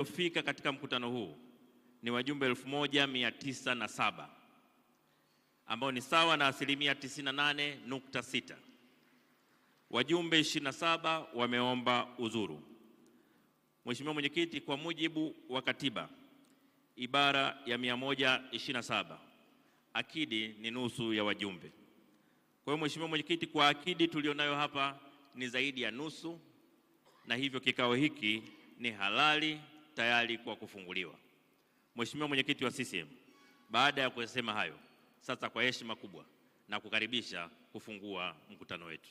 Waliofika katika mkutano huu ni wajumbe 1907 ambao ni sawa na asilimia 98.6. Wajumbe 27 wameomba uzuru. Mheshimiwa Mwenyekiti, kwa mujibu wa katiba ibara ya 127, akidi ni nusu ya wajumbe. Kwa hiyo Mheshimiwa Mwenyekiti, kwa akidi tulionayo hapa ni zaidi ya nusu, na hivyo kikao hiki ni halali tayari kwa kufunguliwa. Mheshimiwa mwenyekiti wa CCM, baada ya kusema hayo, sasa kwa heshima kubwa na kukaribisha kufungua mkutano wetu.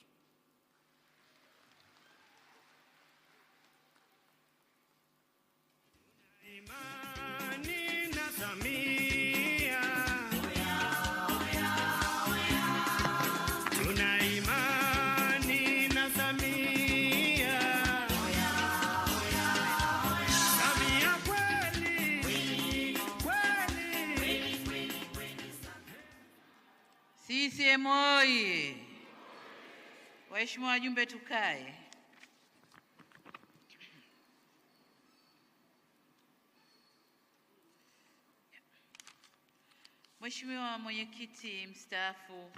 Imani na CCM oye! Waheshimiwa wajumbe, tukae. Mheshimiwa mwenyekiti mstaafu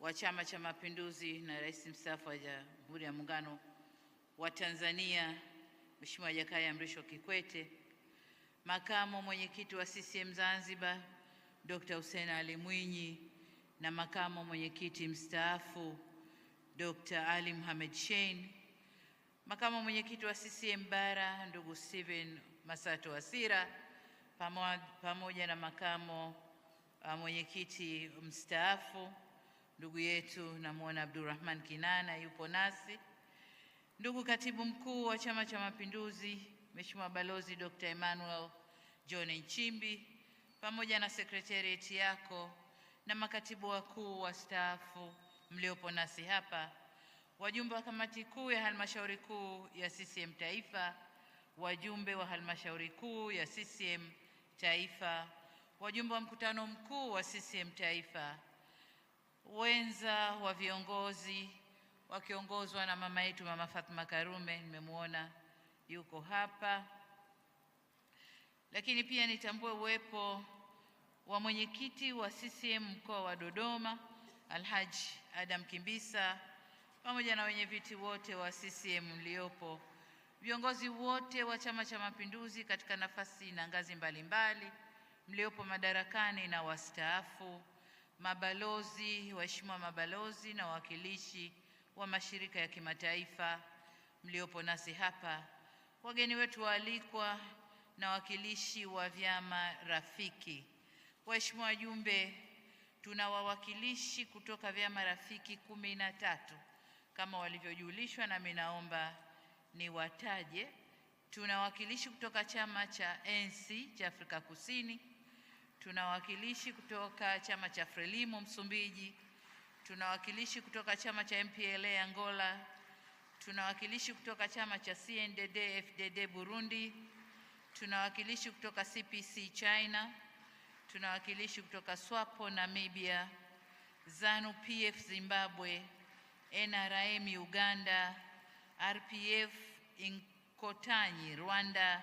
wa Chama cha Mapinduzi na rais mstaafu wa Jamhuri ya Muungano wa Tanzania Mheshimiwa Jakaya Mrisho Kikwete, makamu mwenyekiti wa CCM Zanzibar Dr. Hussein Ali Mwinyi na makamu mwenyekiti mstaafu Dr. Ali Mohamed Shein, makamu mwenyekiti wa CCM Bara ndugu Steven Masato Asira pamoja na makamo mwenyekiti mstaafu ndugu yetu namwona Abdulrahman Kinana yupo nasi, ndugu katibu mkuu wa Chama cha Mapinduzi Mheshimiwa Balozi Dr. Emmanuel John Nchimbi pamoja na sekretarieti yako na makatibu wakuu wastaafu mliopo nasi hapa, wajumbe wa kamati kuu ya halmashauri kuu ya CCM Taifa, wajumbe wa halmashauri kuu ya CCM Taifa, wajumbe wa mkutano mkuu wa CCM Taifa, wenza wa viongozi wakiongozwa na mama yetu Mama Fatma Karume, nimemwona yuko hapa, lakini pia nitambue uwepo wa mwenyekiti wa CCM mkoa wa Dodoma Alhaji Adam Kimbisa pamoja na wenyeviti wote wa CCM mliopo, viongozi wote wa Chama cha Mapinduzi katika nafasi na ngazi mbalimbali mliopo madarakani na wastaafu, mabalozi, waheshimiwa mabalozi na wawakilishi wa mashirika ya kimataifa mliopo nasi hapa, wageni wetu waalikwa na wawakilishi wa vyama rafiki Waheshimiwa wajumbe, tuna wawakilishi kutoka vyama rafiki kumi na tatu kama walivyojulishwa, nami naomba niwataje. Tuna wawakilishi kutoka chama cha ANC cha Afrika Kusini, tuna wawakilishi kutoka chama cha Frelimo Msumbiji, tuna wawakilishi kutoka chama cha MPLA Angola, tuna wawakilishi kutoka chama cha CNDD-FDD Burundi, tuna wawakilishi kutoka CPC China tuna wakilishi kutoka SWAPO Namibia, ZANU PF Zimbabwe, NRM Uganda, RPF Inkotanyi Rwanda,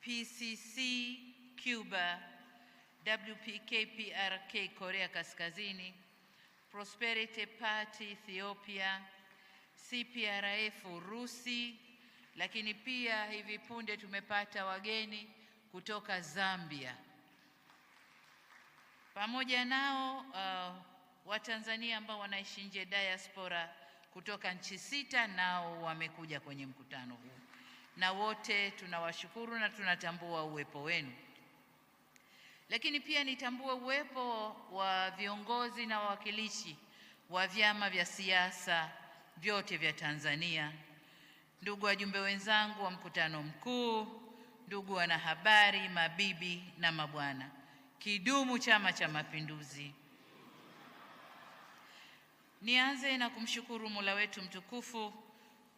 PCC Cuba, WPKPRK Korea Kaskazini, Prosperity Party Ethiopia, CPRF Urusi, lakini pia hivi punde tumepata wageni kutoka Zambia. Pamoja nao uh, Watanzania ambao wanaishi nje diaspora kutoka nchi sita nao wamekuja kwenye mkutano huu, na wote tunawashukuru na tunatambua uwepo wenu. Lakini pia nitambue uwepo wa viongozi na wawakilishi wa vyama vya siasa vyote vya Tanzania, ndugu wajumbe wenzangu wa mkutano mkuu, ndugu wanahabari, mabibi na mabwana. Kidumu Chama cha Mapinduzi! Nianze na kumshukuru Mola wetu mtukufu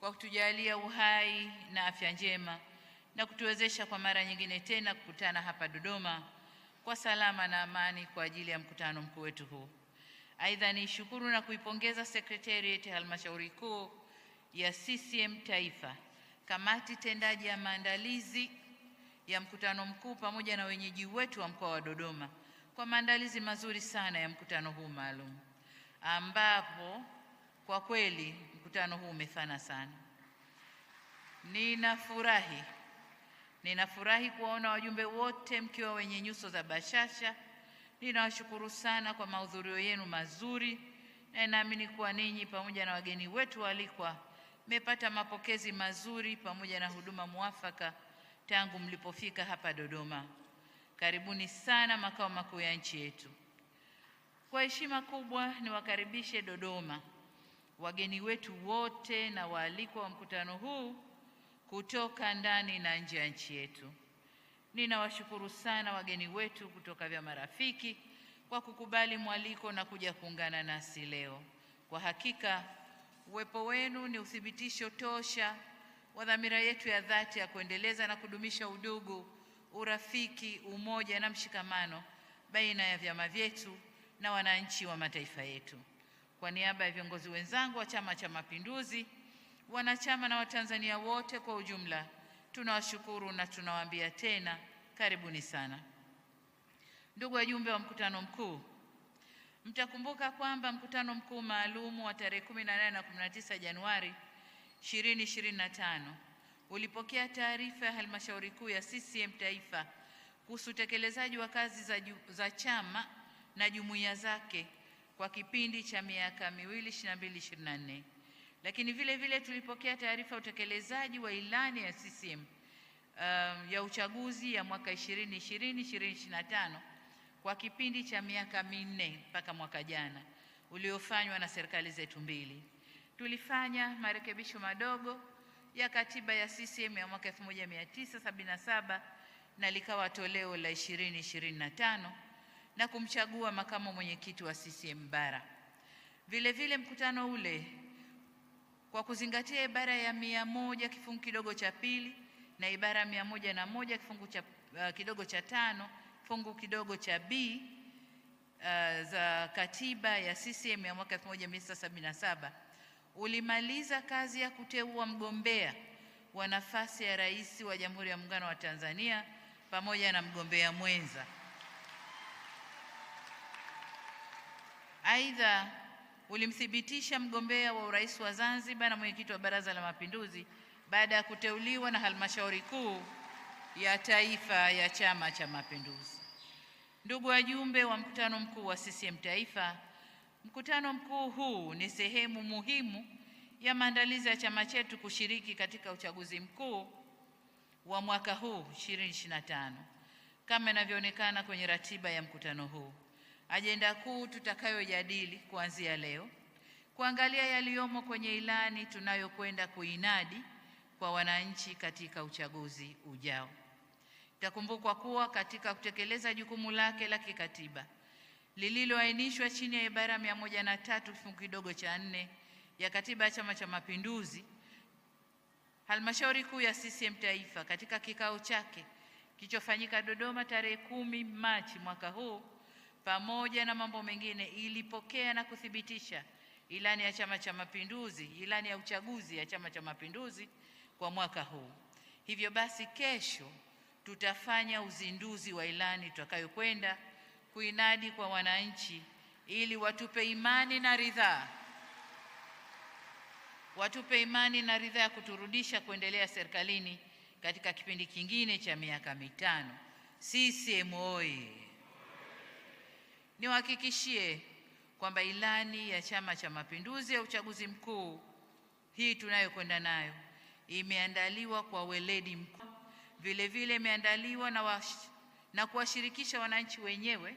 kwa kutujalia uhai na afya njema na kutuwezesha kwa mara nyingine tena kukutana hapa Dodoma kwa salama na amani kwa ajili ya mkutano mkuu wetu huu. Aidha, niishukuru na kuipongeza Sekretarieti ya Halmashauri Kuu ya CCM Taifa, kamati tendaji ya maandalizi ya mkutano mkuu pamoja na wenyeji wetu wa mkoa wa Dodoma kwa maandalizi mazuri sana ya mkutano huu maalum, ambapo kwa kweli mkutano huu umefana sana. Ninafurahi, ninafurahi kuwaona wajumbe wote mkiwa wenye nyuso za bashasha. Ninawashukuru sana kwa mahudhurio yenu mazuri, na naamini kuwa ninyi pamoja na wageni wetu walikwa mmepata mapokezi mazuri pamoja na huduma mwafaka tangu mlipofika hapa Dodoma. Karibuni sana makao makuu ya nchi yetu. Kwa heshima kubwa niwakaribishe Dodoma wageni wetu wote na waalikwa wa mkutano huu kutoka ndani na nje ya nchi yetu. Ninawashukuru sana wageni wetu kutoka vyama rafiki kwa kukubali mwaliko na kuja kuungana nasi leo. Kwa hakika uwepo wenu ni uthibitisho tosha wa dhamira yetu ya dhati ya kuendeleza na kudumisha udugu, urafiki, umoja na mshikamano baina ya vyama vyetu na wananchi wa mataifa yetu. Kwa niaba ya viongozi wenzangu wa Chama cha Mapinduzi, wanachama na Watanzania wote kwa ujumla, tunawashukuru na tunawaambia tena karibuni sana. Ndugu wajumbe wa mkutano mkuu, mtakumbuka kwamba mkutano mkuu maalum wa tarehe 18 na 19 Januari 2025 ulipokea taarifa ya halmashauri kuu ya CCM Taifa kuhusu utekelezaji wa kazi za, ju, za chama na jumuiya zake kwa kipindi cha miaka miwili 22 24, lakini vile vile tulipokea taarifa ya utekelezaji wa ilani ya CCM um, ya uchaguzi ya mwaka 2020 2025 kwa kipindi cha miaka minne mpaka mwaka jana uliofanywa na serikali zetu mbili tulifanya marekebisho madogo ya katiba ya CCM ya mwaka 1977 na likawa toleo la 2025 na kumchagua makamu mwenyekiti wa CCM bara. Vile vile mkutano ule kwa kuzingatia ibara ya mia moja kifungu kidogo cha pili na ibara ya mia moja na moja kifungu cha, uh, kidogo cha tano kifungu kidogo cha B uh, za katiba ya CCM ya mwaka 1977 ulimaliza kazi ya kuteua mgombea wa nafasi ya rais wa Jamhuri ya Muungano wa Tanzania pamoja na mgombea mwenza. Aidha, ulimthibitisha mgombea wa urais wa Zanzibar na mwenyekiti wa Baraza la Mapinduzi baada ya kuteuliwa na Halmashauri Kuu ya Taifa ya Chama cha Mapinduzi. Ndugu wajumbe wa mkutano mkuu wa CCM Taifa, Mkutano mkuu huu ni sehemu muhimu ya maandalizi ya chama chetu kushiriki katika uchaguzi mkuu wa mwaka huu 2025 kama inavyoonekana kwenye ratiba ya mkutano huu. Ajenda kuu tutakayojadili kuanzia leo, kuangalia yaliyomo kwenye ilani tunayokwenda kuinadi kwa wananchi katika uchaguzi ujao. Itakumbukwa kuwa katika kutekeleza jukumu lake la kikatiba lililoainishwa chini ya ibara mia moja na tatu kifungu kidogo cha nne ya Katiba ya Chama cha Mapinduzi, Halmashauri Kuu ya CCM Taifa katika kikao chake kilichofanyika Dodoma tarehe kumi Machi mwaka huu, pamoja na mambo mengine, ilipokea na kuthibitisha ilani ya Chama cha Mapinduzi, ilani ya uchaguzi ya Chama cha Mapinduzi kwa mwaka huu. Hivyo basi, kesho tutafanya uzinduzi wa ilani tutakayokwenda kuinadi kwa wananchi ili watupe imani na ridhaa, watupe imani na ridhaa ya kuturudisha kuendelea serikalini katika kipindi kingine cha miaka mitano. CCM oyee! Niwahakikishie kwamba ilani ya Chama cha Mapinduzi ya uchaguzi mkuu hii tunayokwenda nayo imeandaliwa kwa weledi mkuu, vile vile imeandaliwa na wa na kuwashirikisha wananchi wenyewe,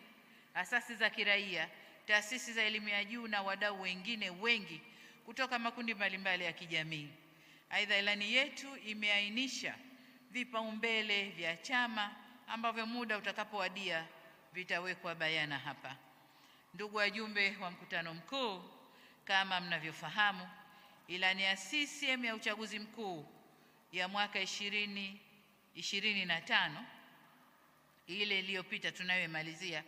asasi za kiraia, taasisi za elimu ya juu na wadau wengine wengi kutoka makundi mbalimbali ya kijamii. Aidha, ilani yetu imeainisha vipaumbele vya chama ambavyo muda utakapowadia vitawekwa bayana hapa. Ndugu wajumbe wa mkutano mkuu, kama mnavyofahamu, ilani ya CCM ya uchaguzi mkuu ya mwaka 2025 ile iliyopita tunayoimalizia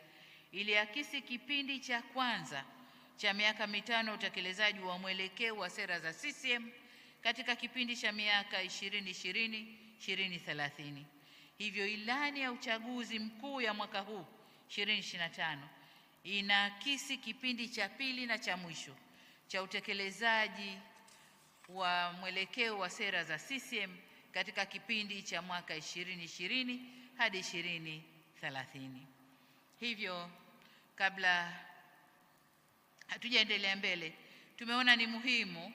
iliakisi kipindi cha kwanza cha miaka mitano utekelezaji wa mwelekeo wa sera za CCM katika kipindi cha miaka 2020 2030. Hivyo ilani ya uchaguzi mkuu ya mwaka huu 2025 inaakisi kipindi cha pili na cha mwisho cha utekelezaji wa mwelekeo wa sera za CCM katika kipindi cha mwaka 2020 hadi ishirini thelathini. Hivyo, kabla hatujaendelea mbele, tumeona ni muhimu uh,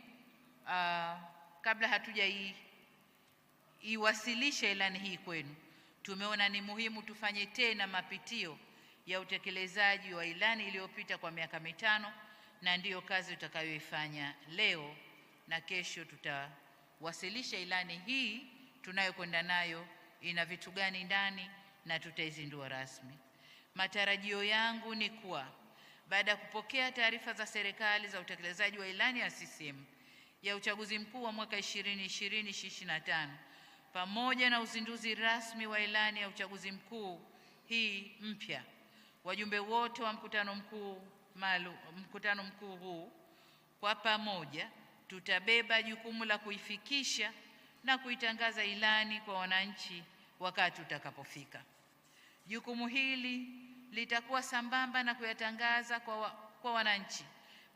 kabla hatujaiwasilisha i ilani hii kwenu, tumeona ni muhimu tufanye tena mapitio ya utekelezaji wa ilani iliyopita kwa miaka mitano, na ndiyo kazi tutakayoifanya leo na kesho tutawasilisha ilani hii tunayokwenda nayo ina vitu gani ndani na tutaizindua rasmi. Matarajio yangu ni kuwa baada ya kupokea taarifa za serikali za utekelezaji wa ilani ya CCM ya uchaguzi mkuu wa mwaka 2020 2025 pamoja na uzinduzi rasmi wa ilani ya uchaguzi mkuu hii mpya, wajumbe wote wa mkutano mkuu maalum, mkutano mkuu huu kwa pamoja tutabeba jukumu la kuifikisha na kuitangaza ilani kwa wananchi wakati utakapofika. Jukumu hili litakuwa sambamba na kuyatangaza kwa, wa, kwa wananchi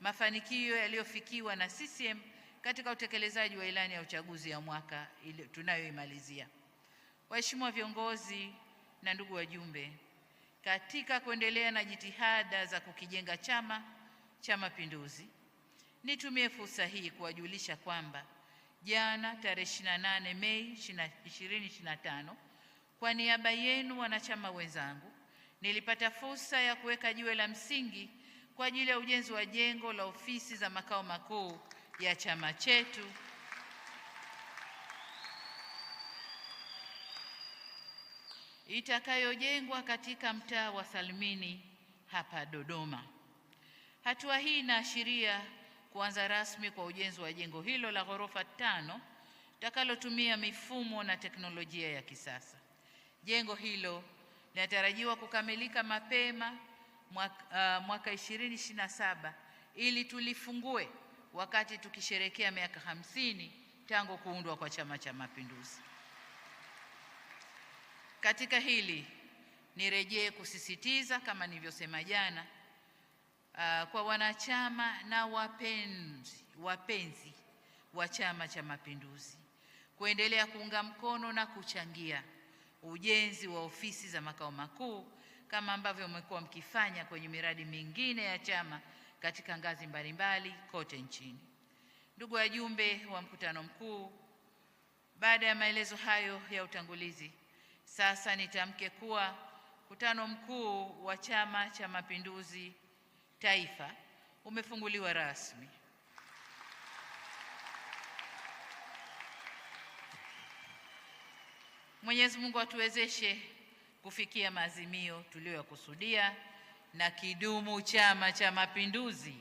mafanikio yaliyofikiwa na CCM katika utekelezaji wa ilani ya uchaguzi ya mwaka tunayoimalizia. Waheshimiwa viongozi na ndugu wajumbe, katika kuendelea na jitihada za kukijenga Chama cha Mapinduzi, nitumie fursa hii kuwajulisha kwamba jana tarehe 28 Mei 2025. Kwa niaba yenu wanachama wenzangu, nilipata fursa ya kuweka jiwe la msingi kwa ajili ya ujenzi wa jengo la ofisi za makao makuu ya chama chetu itakayojengwa katika mtaa wa Salimini hapa Dodoma. Hatua hii inaashiria kuanza rasmi kwa ujenzi wa jengo hilo la ghorofa tano takalotumia mifumo na teknolojia ya kisasa. Jengo hilo linatarajiwa kukamilika mapema mwaka, uh, mwaka 2027 ili tulifungue wakati tukisherekea miaka hamsini tangu kuundwa kwa Chama cha Mapinduzi. Katika hili nirejee kusisitiza kama nilivyosema jana Ah, kwa wanachama na wapenzi wapenzi wa Chama cha Mapinduzi kuendelea kuunga mkono na kuchangia ujenzi wa ofisi za makao makuu kama ambavyo mmekuwa mkifanya kwenye miradi mingine ya chama katika ngazi mbalimbali kote nchini. Ndugu wajumbe wa mkutano mkuu, baada ya maelezo hayo ya utangulizi, sasa nitamke kuwa mkutano mkuu wa Chama cha Mapinduzi taifa umefunguliwa rasmi. Mwenyezi Mungu atuwezeshe kufikia maazimio tuliyoyakusudia, na kidumu Chama cha Mapinduzi!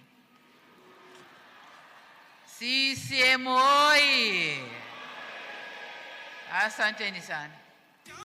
CCM oyee! Asanteni sana.